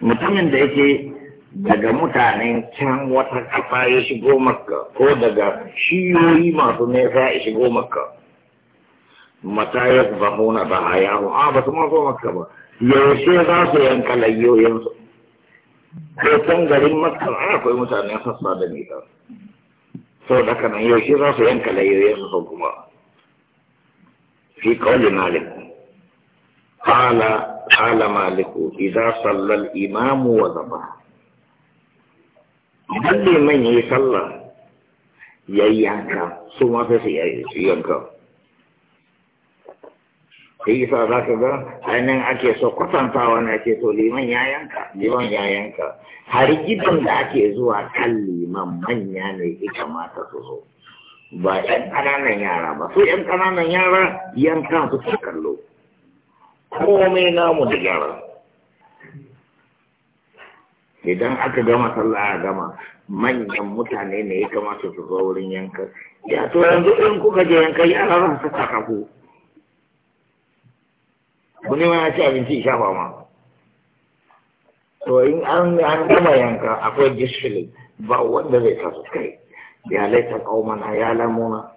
mutumin da yake daga mutanen can wata kafa ya shigo makka ko daga shiyoyi masu nesa ya shigo makka mata ya zahuna ba a yaro a ba su mazo makka ba yaushe za su yanka su? ko can garin makka akwai mutanen sassa da nisa sau da kanan yaushe za su yanka layyoyinsu kuma fi kawai malik قال قال idan إذا Imam wa وذبح idan liman ya yi sallah ya yi yanka su ma sai su yi yanka ta yi sa za ka ga ainihin ake so kwatantawa na ce to liman ya yanka liman ya yanka har gidan da ake zuwa kan liman manya ne ya kamata su zo ba yan ƙananan yara ba su yan ƙananan yara yankan su ke kallo komai namu da gyara idan aka gama sallah a gama manyan mutane ne ya kamata su zo wurin yanka ya to yanzu in kuka je yanka ya za su saka ku ku ma ma ci abinci shafa ma to in an an gama yanka akwai gishiri, ba wanda zai sa su kai ya laita kaumana ya lamuna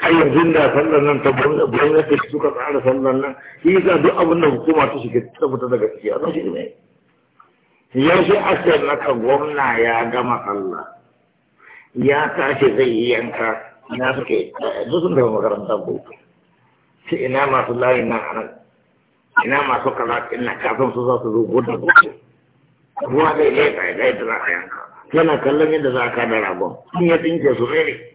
har yanzu da sallar nan ta gwamnati suka tsara sallar nan shi yasa duk abin da hukuma ta shiga ta fita daga ciki a nan shi ne yaushe aka naka gwamna ya gama sallah ya tashi zai yi yanka ina suke duk sun tafi makaranta boko shi ina masu layin nan a nan ina masu kaza ina kafin su za su zo gudu ruwa zai ne ya gaida za a yanka yana kallon yadda za a kada rabon. in ya dinke su ne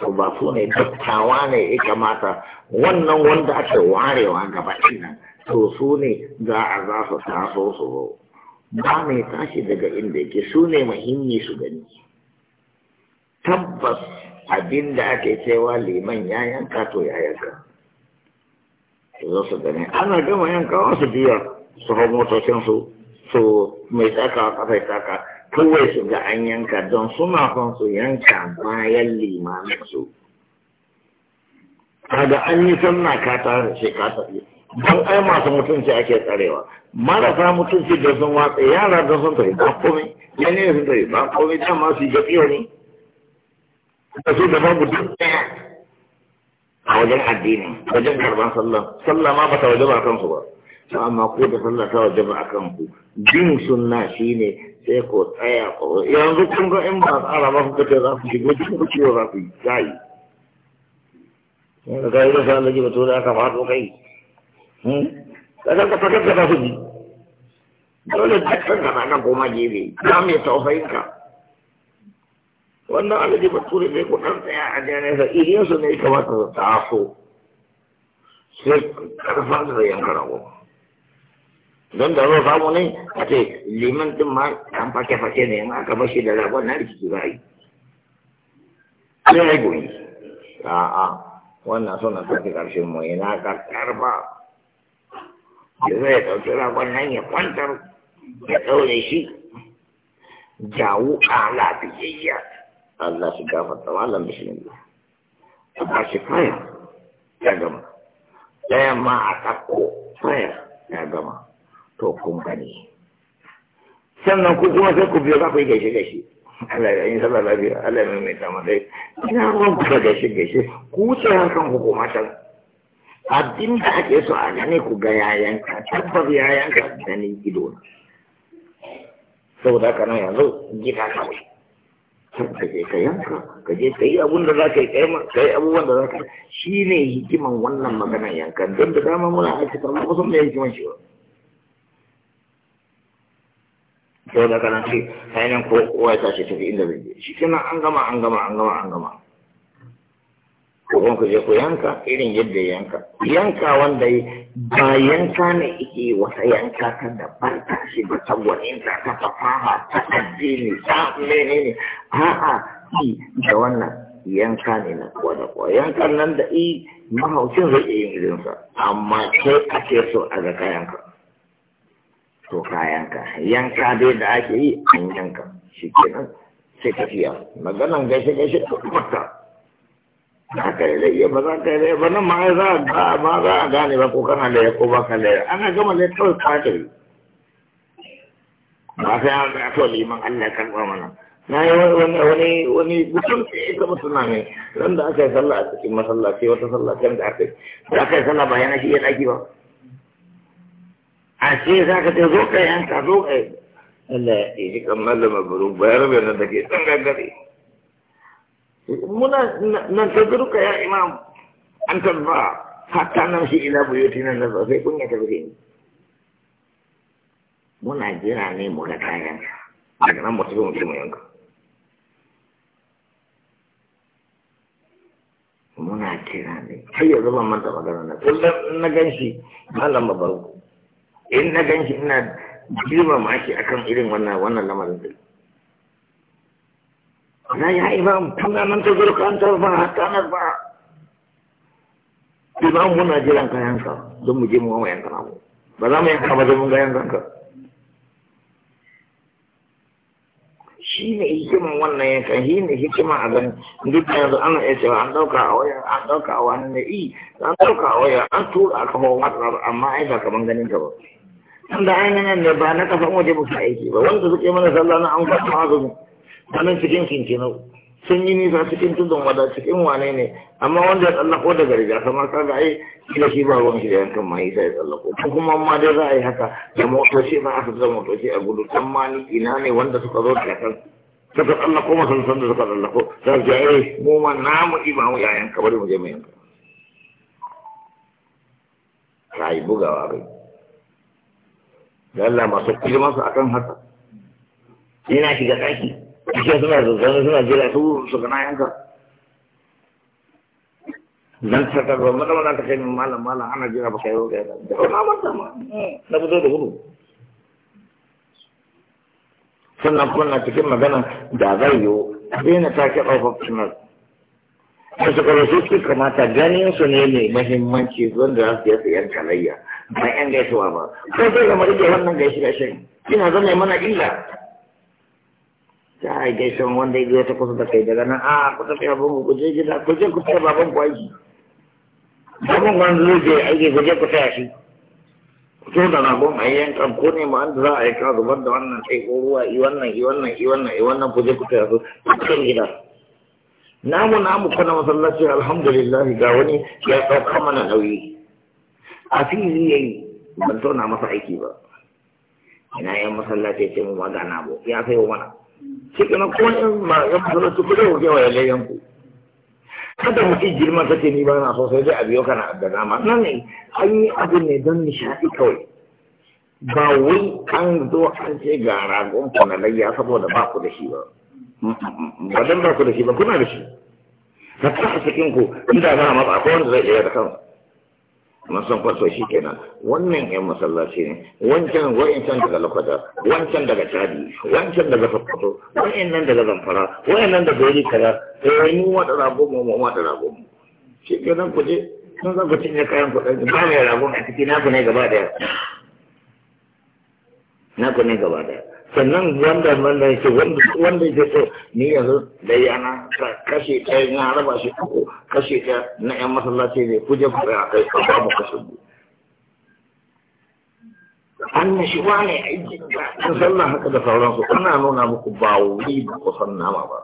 to ba su ne dattawa ne ya kamata wannan wanda ake warewa gaba nan to su ne za a za su taso su zo ba mai tashi daga inda yake su ne muhimmi su gani tabbas abin da ake cewa liman ya yanka to ya yanka su zo su gani ana gama yanka wasu biyar su hau motocinsu su mai tsaka kafa tsaka kawai su ga an yanka don suna son su yanka bayan limanin su kaga an yi sanna ka ta shi ka tafi don ai masu mutunci ake tsarewa marasa mutunci da sun watsa yara da sun tafi ba komai ne sun tafi ba komai dama masu yi gafiya ne da su da babu duk ɗaya a wajen addini wajen karban sallah sallah ma ba ta waje ba kansu ba amma ko da sallah ta waje ba akan ku bin sunna shine sai ko tsaya ko yanzu kun ga in ba tsara ba kuka ce za ku shigo cikin kuke za ku yi gayi da kai da sa lagi bato da aka kai kada ka fakar da su dole da kan ka nan koma jebe ka mai tausayin ka wannan alaji bature ne ko dan tsaya a jana sa ne kamata su taso sai karfa da yanka rago don da zo samu ne a ce liman din ma an fake fake ne in aka bashi da rabon na rikici za a yi sai yi goyi a'a wannan suna tafi ƙarshen mu yana karkar ba da zai ɗauki rabon nan ya kwantar ya ɗaure shi jawo a lafiyayya Allah shi gafarta malam bismillah a ba shi faya ya gama ɗaya ma a ɗauko faya ya gama to kun gani sannan ku kuma sai ku biyo za ku yi gaishe gaishe Allah ya yi sallar lafiya Allah ya mai ta mai ina ruwan ku da gaishe gaishe ku wuce hankan ku kuma can abin da ake so a gane ku ga yayanka tabbas yayanka ganin ido na saboda kana yanzu gida kawai ka je ka yanka ka je ka yi abun da za ka yi ka yi abubuwan da za ka shi ne hikiman wannan maganar yankan don da dama muna a cikin kusan da hikiman shi ba sau da kanan sai ainihin ko kowa ya tashi tafi inda zai je shi kenan an gama an gama an gama an gama ko kuma ku je ku yanka irin yadda yanka yanka wanda yi ba yanka ne ike wata yanka ta da barka shi ba ta gwaninta ta fafaha ta addini ta menene a'a i da wannan yanka ne na kuwa da yankan nan da i mahaucin zai iya yin irinsa amma kai ake so a ga kayanka to ka yanka yanka dai da ake yi an yanka shi kenan sai ka fiya maganan gaishe gaishe ta kwata za ka yi laiya ba za ka yi laiya ba nan ma za a ma za a gane ba ko kana laiya ko ba ka an ana gama laiya kawai yi ba sai an ga to liman Allah kan ba mana na yi wani wani wani mutum ke ya taba tunani ran da aka yi sallah a cikin masallaci wata sallah kan da aka yi da aka yi sallah ba yana shi ya daki ba عشان ذاك تذوق ايه انت تذوق ايه لا ايه, إيه، كمال لما بروك بارب يا ندك ايه منا ننتظرك يا امام ان ترضى حتى نمشي الى بيوتنا نظافي كن يتبهين منا جيراني مغتايا اجرام مطلوب مطلوب منا جيراني هيا ظلم من تقدرنا كل نجنشي ما لما بروك in na ganshi ina girmama shi akan irin wannan wannan lamarin din na ya imam tana nan ta zurka an tarfa hatta na ba imam muna jiran kayan ka don mu je mu wa yanka namu ba za mu yanka ba don mun ga yankan ka shi ne hikiman wannan yanka, shi ne hikiman a gani duk da yanzu ana iya cewa an ɗauka a waya an ɗauka a wani ne i an ɗauka a waya an tura a kafa wata amma ai ba kaman ganin ka ba wanda ainihin ne ba na kasan waje ba muka aiki ba wanda suke mana sallah na an kasa azumin wannan cikin kinkinau sun yi nisa cikin tudun wada cikin wane ne amma wanda ya tsallako daga riga kama ka ga ai kila shi ba ruwan shi da yankan ma isa ya tsallako ko kuma ma dai za a yi haka da motoci ba aka zama motoci a gudu kan ma ni ina ne wanda suka zo da kan suka tsallako masansan da suka tsallako za su jaye eh, mu ma namu imamu yayan kabari mu je mu yanka ka yi bugawa kai. Allah masu girman su akan haka yana shiga ɗaki cikin suna zazzanin suna jira su su gana yanka zan saka ba mata mata ta kai min malam malam ana jira ba kai roƙa yana da ma ta ma na fito da gudu sannan kuma na cikin magana da zai yiwu a ɗaukar wasu kwararru su kamata ganin su ne mai mahimmanci wanda za su yasa yan kalayya ba yan gaisuwa ba sai sai kamar rike wannan gaishe gashin kina zama mana illa ta ai gaishen wanda ya ta kusa da kai daga nan a ah, ku tafi abin ku je gida ku je ku tafi baban ku aiki baban wani zai je aiki ku je ku tafi shi ku to da ragon a yankan ko ne ma an za a yi ka zubar da wannan sai ko ruwa i wannan i wannan i wannan i ku je ku tafi su ku tafi gida namu namu kuna masallaci alhamdulillah ga wani ya ɗauka mana nauyi a fili ya yi ban tona masa aiki ba ina yan masallaci ce mu magana bu ya sai mana shi kuma ko in ma yan masallaci ku zai wuce wa yalayyan ku kada mutum girma ta ce ni ba na so sai dai a biyo kana da dama nan ne an yi abu ne don nishaɗi kawai ba wai an zo an ce ga ragon saboda ba ku da shi ba ba dan ba ku da shi ba kuna da shi ka kasa cikin ku inda za a matsa akwai wanda zai iya da kansa masan faso shi kenan wannan yan masallaci ne wancan wa'incan daga lokaja wancan daga cadi wancan daga wa'in nan daga zamfara nan daga wani kaza yi wani wata rago mu mu wata rago mu shi kenan ku je sun za ku cinye kayan kuɗin ba mai rago a ciki na ku ne gaba daya na ku ne gaba daya sannan wanda wanda yake wanda yake so ni yanzu da yana kashe ɗaya na raba shi uku kashe ɗaya na yan masallaci ne kuje ku a kai ka ba mu kashe ku an shi wa ne aikin an sallah haka da sauransu ana nuna muku ba wuri ba ku san nama ba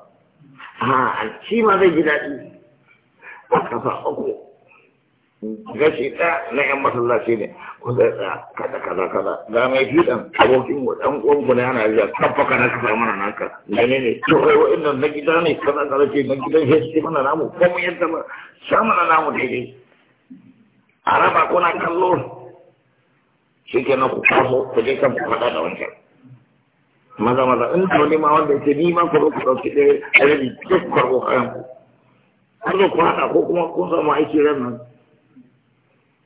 a shi ma zai ji daɗi a kafa uku gashi ɗaya na ‘yan masallaci ne wanda ya kada kada kada ga mai fiɗan abokin wa ɗan uwanku na yana riya kafa kana kafa mana naka gane ne to kai wa inda na gida ne kaza kaza ce na gidan shi ce mana namu ko mu yadda ba sha mana namu daidai a raba kuna kallo shi ke na ku kwaso ku je kan ku faɗa da wancan maza maza in to wani ma wanda yake ni ma ku zo ku ɗauki ɗaya a rabi duk karɓo kayan ku har da ku haɗa ko kuma kun samu aiki ran nan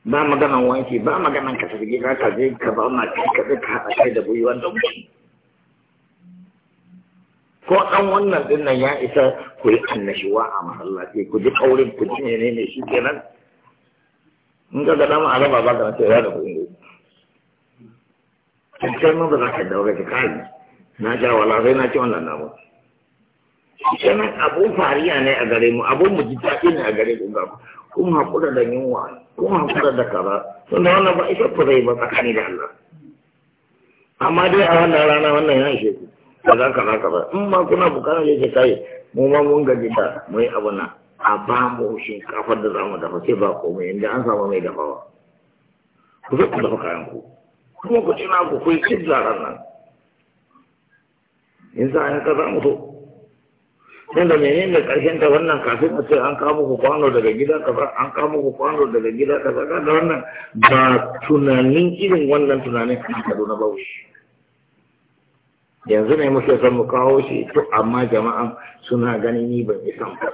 ba maganan wanki ba maganan ka tafi gida ka je ka ba ma kai ka ka haɗa kai da buyi da wuce ko dan wannan din nan ya isa ku yi annashuwa a masallaci ku ji ƙaurin ku ji ne ne shi kenan in ka ga dama a raba ba ka ce ya da kuɗin gobe kai mun ba za ka daure ka kai na ja wala sai na ci wannan namu kenan abun fariya ne a gare mu abun mu ji ta ne a gare ku ga kun haƙura da yunwa ko hankula da kaza tunda wannan ba isar ku zai ba tsakani da Allah amma dai a wannan rana wannan ya ishe ku ba za ka naka ba in ma kuna bukatar ya ce kai mu ma mun gaji da mu yi abu na a ba mu shinkafar da za mu dafa sai ba komai inda an samu mai dafawa ku zai ku dafa kayan ku kuma ku ci na ku ku yi cin zaran nan in za a yi ka za mu so tunda menene karshen ta wannan kafin a ce an kamo ku kwano daga gida kaza an kamo ku kwano daga gida kaza da wannan ba tunanin irin wannan tunanin ana kado na ba shi yanzu ne muke son mu kawo shi to amma jama'an suna ganin ni ban isan ba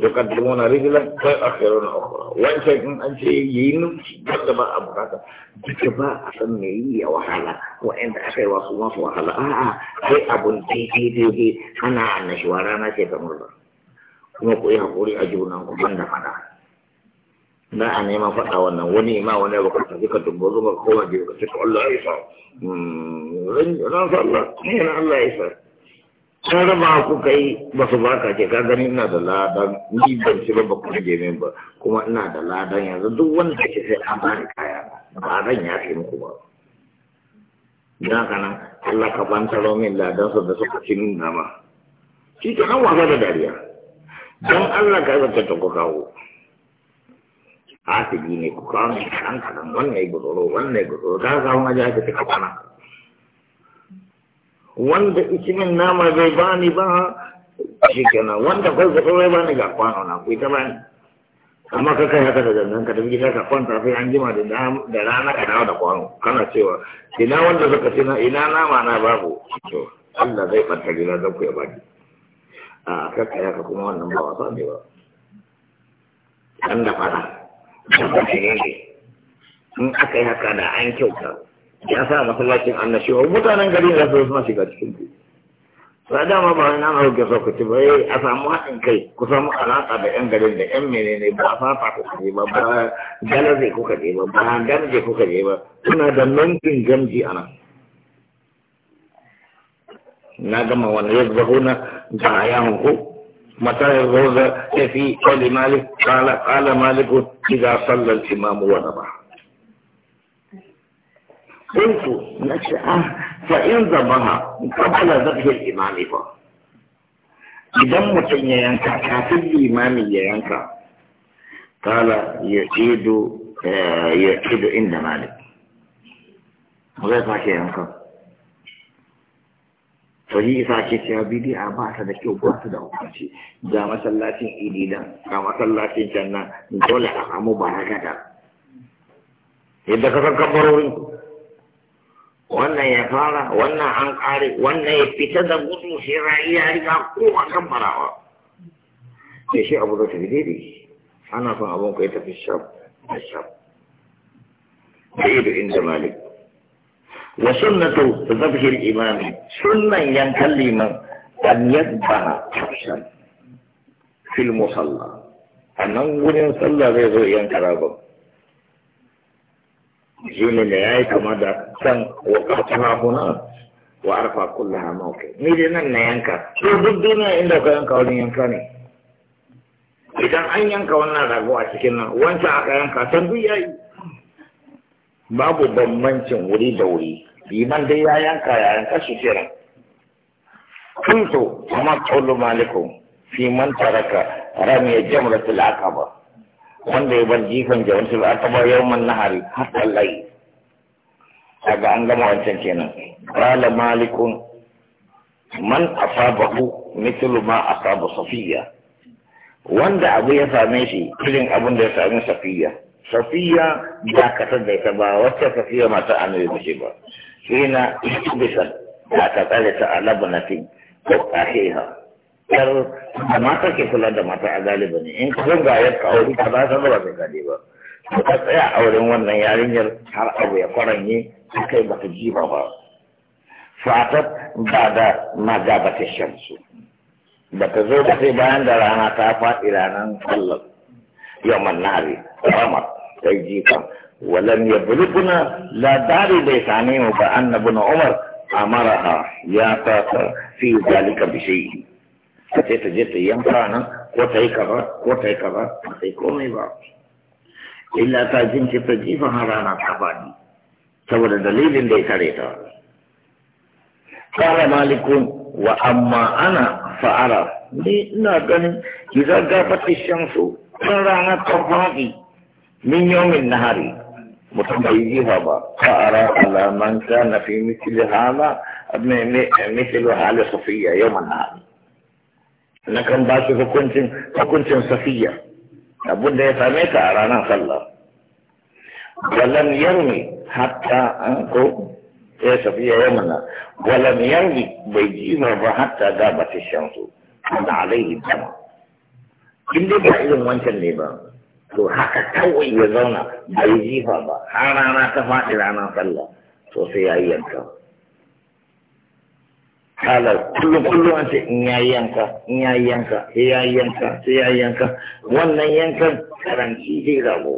يقدمون رجلا فيؤخرون اخرى وان شيء ان شيء ينم جد ما ابغاك جد ما اسمي وحالا وان اخي وصوص وحالا اه هي ابو تي تي تي انا انا ce كيف مرضى kuma ku yi haƙuri a junan ku ban fada na a neman faɗa wannan wani ma wani ba ka tafi ka dubbo zuba kowa biyu ka ce Allah ya isa ran Allah ya isa sun raba ku kai ba su baka ke ka gani ina da ladan ni ban ci ba ba ku rage min ba kuma ina da ladan yanzu duk wanda ke sai an ba ni kaya ba zan ya fi muku ba dan kana Allah ka bantaro min ladan su da suka ci min ma shi ke an wasa da dariya dan Allah ka zata ta ku kawo asibi ne ku kawo min kan kadan wannan ya gudoro wannan ya gudoro ta samu aji ake ta kafana wanda ikimin nama bai bani ba shi kenan wanda kai zai bai bani ga kwano na ku ita bani amma ka kai haka da zannan ka tafi gida ka kwanta sai an jima da rana ka dawo da kwano kana cewa ina wanda zaka ce na ina nama na babu to Allah zai barka gida zan ku ya baki a ka kai haka kuma wannan ba wasa ne ba an da fara da ne in aka yi haka da an kyauta ya sa masallacin annashewa mutanen gari da su ma shiga cikin ku ba dama ba wani ana rufe sokoci ba yi eh, a samu haɗin kai ku samu alaƙa da yan garin da yan menene ba a fafa ku je ba ba galaze kuka je ba ba gamje kuka je ba suna da nankin gamji a nan na gama wani yadda huna da ya hunku متى الغرزة في قول مالك قال قال مالك إذا صلى الإمام ونبح قلت نشأة فإن ذبها قبل ذبح الإمام فا إذا متن ينكا ya الإمام ينكا قال يعيد يعيد عند مالك غير فاكي ينكا sahi isa ke cewa bidi'a ba ta da kyau ba ta da hukunci ga masallacin ididan ga masallacin can dole a samu ba gada yadda ka san kabarorin ku wannan ya fara wannan an kare wannan ya fita da gudu shi rayu ya riga kowa kan barawa sai shi abu da tafi daidai ana son abun kai tafi shaf da shaf da ido inda malik wa sunnatu zabhir imami sunnan yankan liman an yadbara tafshan fil musalla a nan wurin sallah zai zo yanka rabon ne ya yi kama da can wa qatama huna wa arfa kullaha mawqi ni dai nan na yanka to duk duniya inda ka yanka wani yanka ne idan an yanka wannan rago a cikin nan wancan aka yanka san duk yi babu bambancin wuri da wuri liman dai ya yanka ya yanka shi kenan kuntu kuma qawlu malikum fi man taraka ramiya jamratul aqaba wanda ya bar jikan jawanci ba a yau man nahari hatta lai daga an gama wancan kenan qala malikun man asabahu mithlu ma asaba safiya wanda abu ya same shi irin abin da ya same safiya safiya da ka da ita ba wacce safiya mata annabi ba ce ba hina ibisa da ka tsare ta alabanati ko ahiha yar da mata ke kula da mata a galibi ne in kuma ga yar ka aure ka ba san ba zai gade ba to ka tsaya auren wannan yarinyar har abu ya kwaranye ta kai ba ta jiba ba fatat ba da maga ba ta shamsu ba ta zo ba sai bayan da rana ta faɗi ranar sallar yawan nari ramar ta jifa mu ba لا na umar a ابن ya ya يا fi ذلك بشيء Ka ce ta je ta yanka nan ko ta yi kaza ko ta yi kaza ba ta yi komai ba illa ta jinki ta jifan har rana ta faɗi saboda dalilin da ya kare ta kara malikun wa amma ana fa'ara ni ina ganin idan gafata shamsu kan rana ta faɗi min yomin nahari mutum bai jifa ba fa'ara alaman na fi misli hala misli hala yau yawan nahari na kan ba shi hukuncin hukuncin safiya abun da ya same ta a ranar sallah walam yanni hatta an ko ya safiya ya mana walam yanni bai jima ba hatta ga ba ta shan su da alaihi dama in dai ba irin wancan ne ba to haka kawai ya zauna bai jifa ba har rana ta faɗi ranar sallah to sai ya yi yanka kala kullum kullum an ce in yayi yanka in yayi yanka sai yayi yanka sai yayi yanka wannan yankan karanci zai rago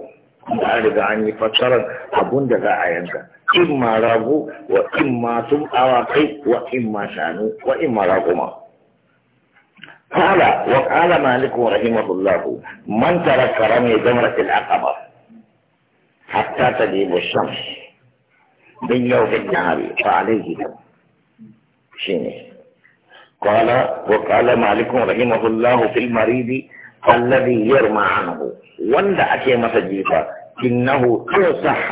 da an riga an yi fassarar abun da za a yanka in ma rago wa in ma sun awakai wa in ma shanu wa in ma rago ma. Kala, wa raguma قال وقال مالك رحمه الله من ترك رمي جمرة العقبة حتى تجيب الشمس من يوم النهار فعليه كم شيني قال وقال مالك رحمه الله في المريض الذي يرمى عنه وند أكي مسجيفا إنه صح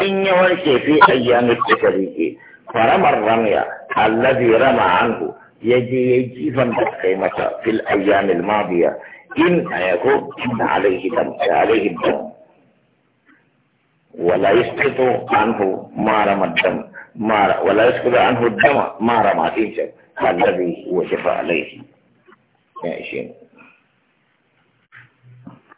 إن يورك في أيام التشريك فرمى الرمي الذي رمى عنه يجي يجيفا بقيمة في الأيام الماضية إن يكون إن عليه دم عليه الدم ولا يسقط عنه ما رمى الدم مارا ولا يسكب عنه الدم مارا ما تنشر الذي هو شفاء عليه يا شيخ